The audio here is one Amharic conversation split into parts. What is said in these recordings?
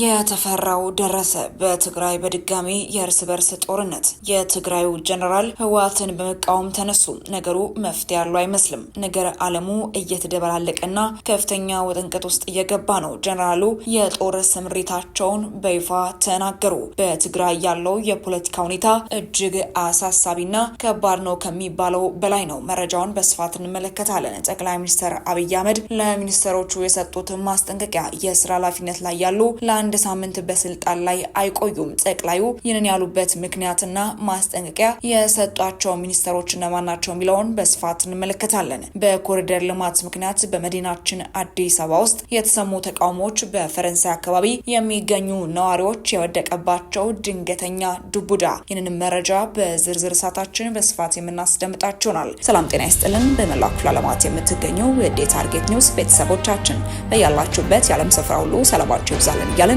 የተፈራው ደረሰ። በትግራይ በድጋሚ የእርስ በርስ ጦርነት የትግራዩ ጀኔራል ህወሓትን በመቃወም ተነሱ። ነገሩ መፍትሄ ያለው አይመስልም። ነገር አለሙ እየተደበላለቀና ከፍተኛ ውጥንቅጥ ውስጥ እየገባ ነው። ጀኔራሉ የጦር ስምሪታቸውን በይፋ ተናገሩ። በትግራይ ያለው የፖለቲካ ሁኔታ እጅግ አሳሳቢና ከባድ ነው ከሚባለው በላይ ነው። መረጃውን በስፋት እንመለከታለን። ጠቅላይ ሚኒስትር አብይ አህመድ ለሚኒስትሮቹ የሰጡት ማስጠንቀቂያ የስራ ኃላፊነት ላይ ያሉ ለአንድ ሳምንት በስልጣን ላይ አይቆዩም። ጠቅላዩ ይህንን ያሉበት ምክንያትና ማስጠንቀቂያ የሰጧቸው ሚኒስትሮች እነማን ናቸው የሚለውን በስፋት እንመለከታለን። በኮሪደር ልማት ምክንያት በመዲናችን አዲስ አበባ ውስጥ የተሰሙ ተቃውሞዎች በፈረንሳይ አካባቢ የሚገኙ ነዋሪዎች የወደቀባቸው ድንገተኛ ዱቡዳ ይህንን መረጃ በዝርዝር እሳታችን በስፋት የምናስደምጣችሁናል። ሰላም ጤና ይስጥልን። በመላው ክፍለ ዓለማት የምትገኙ የዴ ታርጌት ኒውስ ቤተሰቦቻችን በያላችሁበት የዓለም ስፍራ ሁሉ ሰላማችሁ ይብዛልን እያለን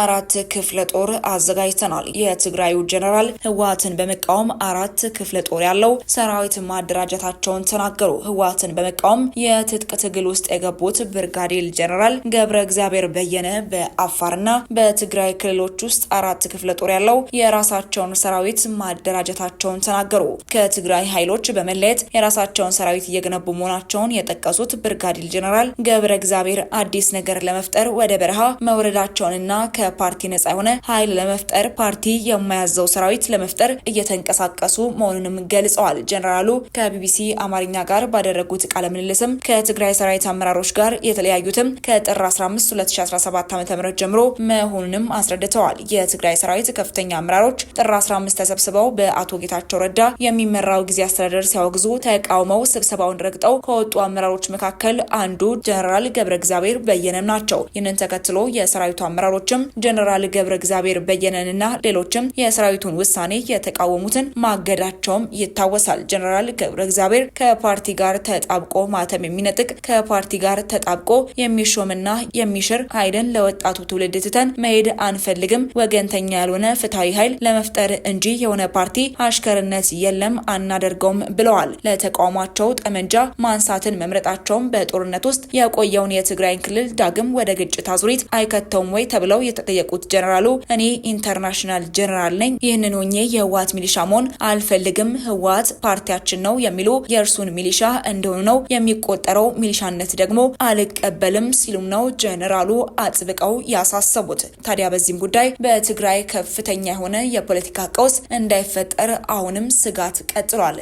አራት ክፍለ ጦር አዘጋጅተናል። የትግራዩ ጀነራል ህወሀትን በመቃወም አራት ክፍለ ጦር ያለው ሰራዊት ማደራጀታቸውን ተናገሩ። ህወሀትን በመቃወም የትጥቅ ትግል ውስጥ የገቡት ብርጋዴር ጀነራል ገብረ እግዚአብሔር በየነ በአፋርና በትግራይ ክልሎች ውስጥ አራት ክፍለ ጦር ያለው የራሳቸውን ሰራዊት ማደራጀታቸውን ተናገሩ። ከትግራይ ኃይሎች በመለየት የራሳቸውን ሰራዊት እየገነቡ መሆናቸውን የጠቀሱት ብርጋዴር ጀኔራል ገብረ እግዚአብሔር አዲስ ነገር ለመፍጠር ወደ በረሃ መውረዳቸውንና ከ ከፓርቲ ነጻ የሆነ ኃይል ለመፍጠር ፓርቲ የማያዘው ሰራዊት ለመፍጠር እየተንቀሳቀሱ መሆኑንም ገልጸዋል። ጀነራሉ ከቢቢሲ አማርኛ ጋር ባደረጉት ቃለ ምልልስም ከትግራይ ሰራዊት አመራሮች ጋር የተለያዩትም ከጥር 15 2017 ዓ.ም ጀምሮ መሆኑንም አስረድተዋል። የትግራይ ሰራዊት ከፍተኛ አመራሮች ጥር 15 ተሰብስበው በአቶ ጌታቸው ረዳ የሚመራው ጊዜ አስተዳደር ሲያወግዙ ተቃውመው ስብሰባውን ረግጠው ከወጡ አመራሮች መካከል አንዱ ጀነራል ገብረ እግዚአብሔር በየነም ናቸው። ይህንን ተከትሎ የሰራዊቱ አመራሮችም ጀነራል ገብረ እግዚአብሔር በየነንና ሌሎችም የሰራዊቱን ውሳኔ የተቃወሙትን ማገዳቸውም ይታወሳል። ጀነራል ገብረ እግዚአብሔር ከፓርቲ ጋር ተጣብቆ ማተም የሚነጥቅ ከፓርቲ ጋር ተጣብቆ የሚሾምና የሚሽር ኃይልን ለወጣቱ ትውልድ ትተን መሄድ አንፈልግም። ወገንተኛ ያልሆነ ፍትሐዊ ኃይል ለመፍጠር እንጂ የሆነ ፓርቲ አሽከርነት የለም አናደርገውም ብለዋል። ለተቃውሟቸው ጠመንጃ ማንሳትን መምረጣቸውም በጦርነት ውስጥ የቆየውን የትግራይን ክልል ዳግም ወደ ግጭት አዙሪት አይከተውም ወይ ተብለው የተጠየቁት ጀነራሉ እኔ ኢንተርናሽናል ጀነራል ነኝ፣ ይህንን ሆኜ የህወሀት ሚሊሻ መሆን አልፈልግም፣ ህወሀት ፓርቲያችን ነው የሚሉ የእርሱን ሚሊሻ እንደሆኑ ነው የሚቆጠረው፣ ሚሊሻነት ደግሞ አልቀበልም ሲሉም ነው ጀነራሉ አጥብቀው ያሳሰቡት። ታዲያ በዚህም ጉዳይ በትግራይ ከፍተኛ የሆነ የፖለቲካ ቀውስ እንዳይፈጠር አሁንም ስጋት ቀጥሏል።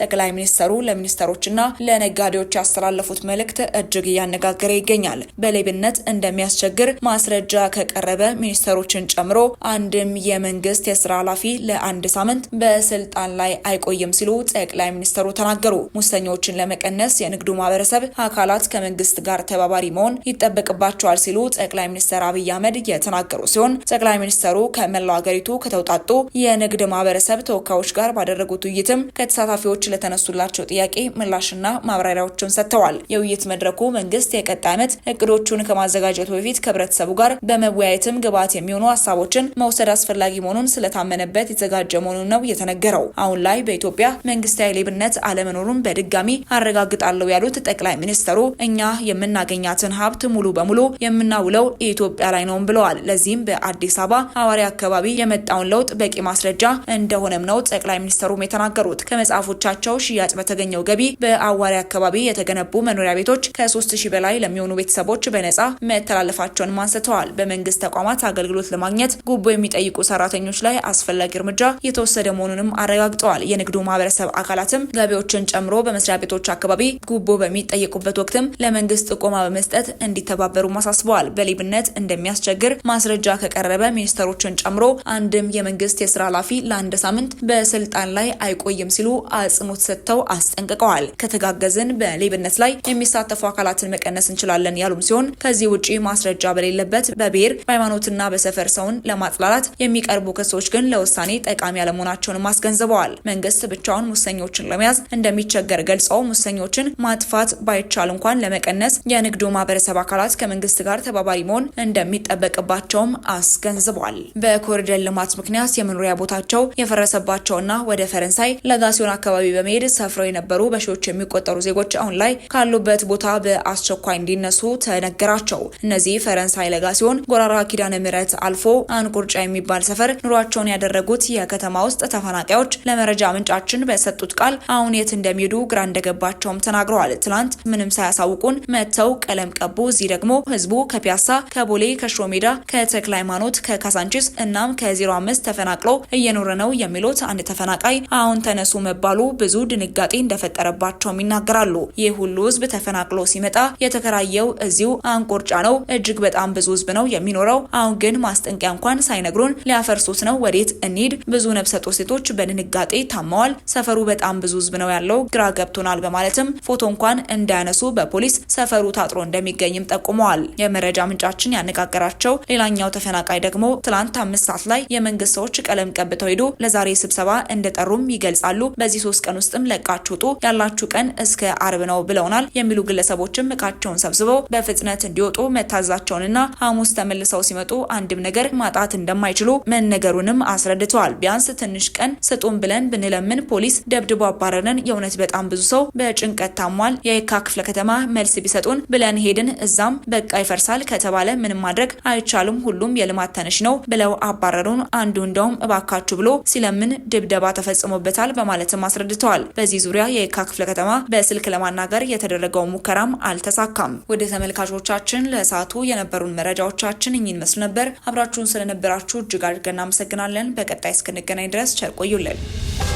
ጠቅላይ ሚኒስተሩ ለሚኒስተሮችና ለነጋዴዎች ያስተላለፉት መልእክት እጅግ እያነጋገረ ይገኛል። በሌብነት እንደሚያስቸግር ማስረጃ ከቀረበ ሚኒስተሮችን ጨምሮ አንድም የመንግስት የስራ ኃላፊ ለአንድ ሳምንት በስልጣን ላይ አይቆይም ሲሉ ጠቅላይ ሚኒስተሩ ተናገሩ። ሙሰኞችን ለመቀነስ የንግዱ ማህበረሰብ አካላት ከመንግስት ጋር ተባባሪ መሆን ይጠበቅባቸዋል ሲሉ ጠቅላይ ሚኒስትር አብይ አህመድ የተናገሩ ሲሆን ጠቅላይ ሚኒስተሩ ከመላው ሀገሪቱ ከተውጣጡ የንግድ ማህበረሰብ ተወካዮች ጋር ባደረጉት ውይይትም ከተሳታፊዎች ለተነሱላቸው ጥያቄ ምላሽና ማብራሪያዎችን ሰጥተዋል። የውይይት መድረኩ መንግስት የቀጣይ ዓመት እቅዶቹን ከማዘጋጀቱ በፊት ከህብረተሰቡ ጋር በመወያየትም ግብዓት የሚሆኑ ሀሳቦችን መውሰድ አስፈላጊ መሆኑን ስለታመነበት የተዘጋጀ መሆኑን ነው የተነገረው። አሁን ላይ በኢትዮጵያ መንግስታዊ ሌብነት አለመኖሩን በድጋሚ አረጋግጣለሁ ያሉት ጠቅላይ ሚኒስትሩ እኛ የምናገኛትን ሀብት ሙሉ በሙሉ የምናውለው የኢትዮጵያ ላይ ነውም ብለዋል። ለዚህም በአዲስ አበባ አዋሪያ አካባቢ የመጣውን ለውጥ በቂ ማስረጃ እንደሆነም ነው ጠቅላይ ሚኒስትሩም የተናገሩት። ከመጽሐፎቻቸው ከመኖራቸው ሽያጭ በተገኘው ገቢ በአዋሪ አካባቢ የተገነቡ መኖሪያ ቤቶች ከ3000 በላይ ለሚሆኑ ቤተሰቦች በነጻ መተላለፋቸውን አንስተዋል። በመንግስት ተቋማት አገልግሎት ለማግኘት ጉቦ የሚጠይቁ ሰራተኞች ላይ አስፈላጊ እርምጃ የተወሰደ መሆኑንም አረጋግጠዋል። የንግዱ ማህበረሰብ አካላትም ገቢዎችን ጨምሮ በመስሪያ ቤቶች አካባቢ ጉቦ በሚጠይቁበት ወቅትም ለመንግስት ጥቆማ በመስጠት እንዲተባበሩ አሳስበዋል። በሌብነት እንደሚያስቸግር ማስረጃ ከቀረበ ሚኒስተሮችን ጨምሮ አንድም የመንግስት የስራ ኃላፊ ለአንድ ሳምንት በስልጣን ላይ አይቆይም ሲሉ አጽ አጽንኦት ሰጥተው አስጠንቅቀዋል። ከተጋገዝን በሌብነት ላይ የሚሳተፉ አካላትን መቀነስ እንችላለን ያሉም ሲሆን ከዚህ ውጪ ማስረጃ በሌለበት በብሔር በሃይማኖትና በሰፈር ሰውን ለማጥላላት የሚቀርቡ ክሶች ግን ለውሳኔ ጠቃሚ አለመሆናቸውንም አስገንዝበዋል። መንግስት ብቻውን ሙሰኞችን ለመያዝ እንደሚቸገር ገልጸው ሙሰኞችን ማጥፋት ባይቻል እንኳን ለመቀነስ የንግዱ ማህበረሰብ አካላት ከመንግስት ጋር ተባባሪ መሆን እንደሚጠበቅባቸውም አስገንዝቧል። በኮሪደር ልማት ምክንያት የመኖሪያ ቦታቸው የፈረሰባቸውና ወደ ፈረንሳይ ለጋሲዮን አካባቢ በመሄድ ሰፍረው የነበሩ በሺዎች የሚቆጠሩ ዜጎች አሁን ላይ ካሉበት ቦታ በአስቸኳይ እንዲነሱ ተነገራቸው። እነዚህ ፈረንሳይ ለጋ ሲሆን ጎራራ ኪዳነ ምሕረት አልፎ አንቁርጫ የሚባል ሰፈር ኑሯቸውን ያደረጉት የከተማ ውስጥ ተፈናቃዮች ለመረጃ ምንጫችን በሰጡት ቃል አሁን የት እንደሚሄዱ ግራ እንደገባቸውም ተናግረዋል። ትላንት ምንም ሳያሳውቁን መጥተው ቀለም ቀቡ። እዚህ ደግሞ ህዝቡ ከፒያሳ፣ ከቦሌ፣ ከሽሮ ሜዳ፣ ከተክለ ሃይማኖት፣ ከካሳንቺስ እናም ከ 05 ተፈናቅሎ እየኖረ ነው የሚሉት አንድ ተፈናቃይ አሁን ተነሱ መባሉ ብዙ ድንጋጤ እንደፈጠረባቸውም ይናገራሉ። ይህ ሁሉ ህዝብ ተፈናቅሎ ሲመጣ የተከራየው እዚሁ አንቆርጫ ነው። እጅግ በጣም ብዙ ህዝብ ነው የሚኖረው። አሁን ግን ማስጠንቀቂያ እንኳን ሳይነግሩን ሊያፈርሱት ነው። ወዴት እንሂድ? ብዙ ነፍሰ ጡር ሴቶች በድንጋጤ ታመዋል። ሰፈሩ በጣም ብዙ ህዝብ ነው ያለው። ግራ ገብቶናል በማለትም ፎቶ እንኳን እንዳያነሱ በፖሊስ ሰፈሩ ታጥሮ እንደሚገኝም ጠቁመዋል። የመረጃ ምንጫችን ያነጋገራቸው ሌላኛው ተፈናቃይ ደግሞ ትላንት አምስት ሰዓት ላይ የመንግስት ሰዎች ቀለም ቀብተው ሄዱ፣ ለዛሬ ስብሰባ እንደጠሩም ይገልጻሉ። በዚህ ሶስት ቀን ቀን ውስጥም ለቃችሁ ውጡ ያላችሁ ቀን እስከ አርብ ነው ብለውናል የሚሉ ግለሰቦችም እቃቸውን ሰብስበው በፍጥነት እንዲወጡ መታዘዛቸውንና ሐሙስ ተመልሰው ሲመጡ አንድም ነገር ማጣት እንደማይችሉ መነገሩንም አስረድተዋል። ቢያንስ ትንሽ ቀን ስጡን ብለን ብንለምን ፖሊስ ደብድቦ አባረረን። የእውነት በጣም ብዙ ሰው በጭንቀት ታሟል። የየካ ክፍለ ከተማ መልስ ቢሰጡን ብለን ሄድን። እዛም በቃ ይፈርሳል ከተባለ ምንም ማድረግ አይቻልም፣ ሁሉም የልማት ተነሽ ነው ብለው አባረሩን። አንዱ እንደውም እባካችሁ ብሎ ሲለምን ድብደባ ተፈጽሞበታል በማለትም አስረድተዋል። አስረድተዋል። በዚህ ዙሪያ የካ ክፍለ ከተማ በስልክ ለማናገር የተደረገው ሙከራም አልተሳካም። ወደ ተመልካቾቻችን ለእሳቱ የነበሩን መረጃዎቻችን እኚህን መስሉ ነበር። አብራችሁን ስለነበራችሁ እጅግ አድርገን እናመሰግናለን። በቀጣይ እስክንገናኝ ድረስ ቸር ቆዩልን።